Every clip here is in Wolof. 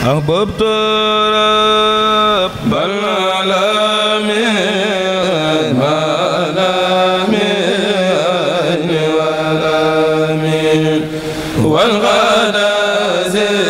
أحببت رب العالمين والغلا زين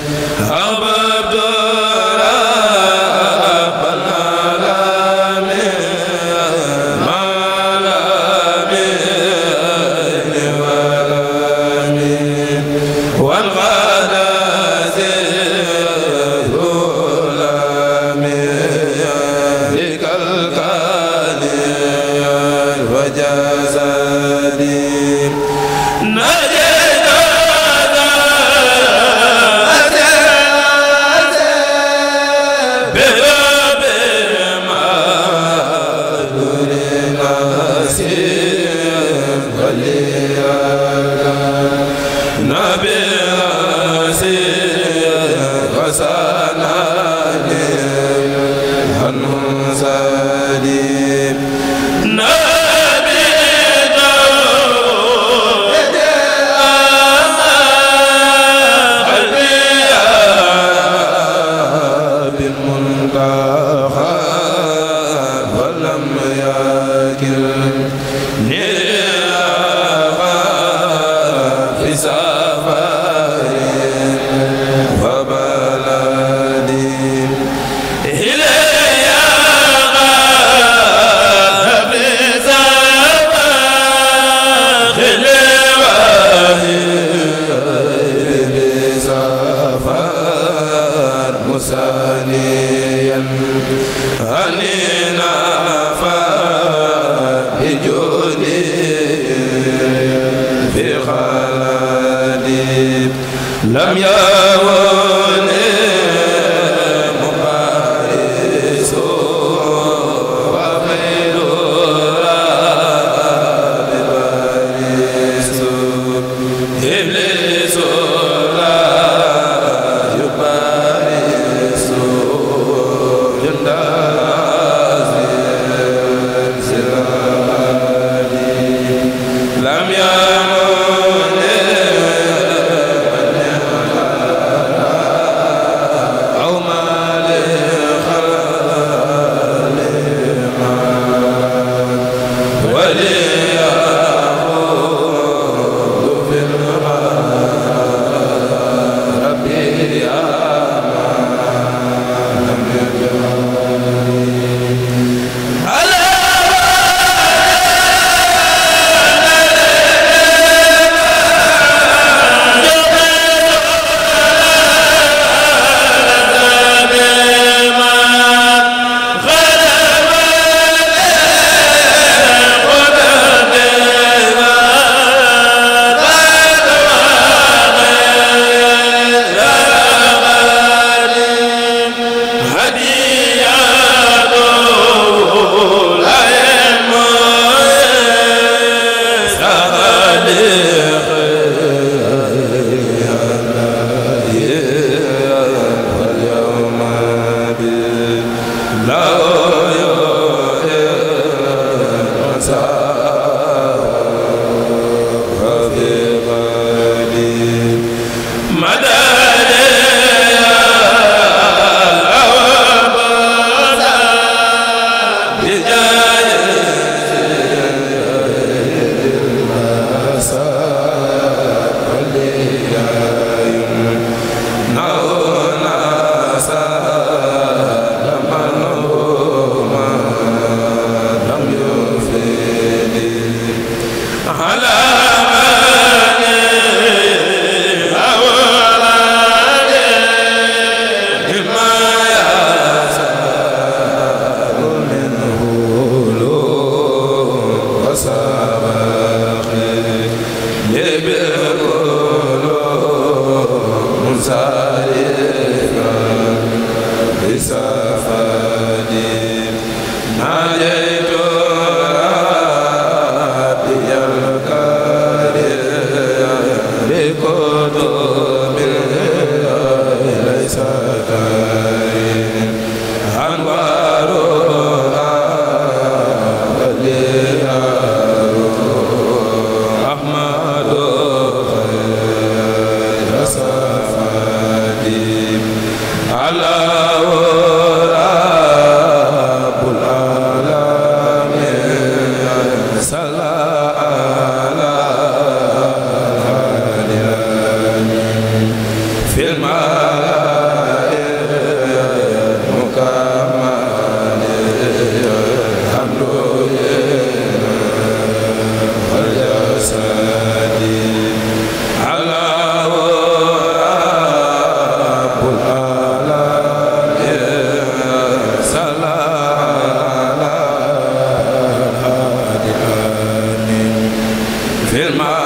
الفساد sa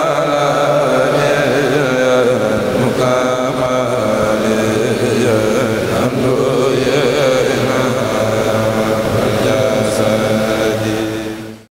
la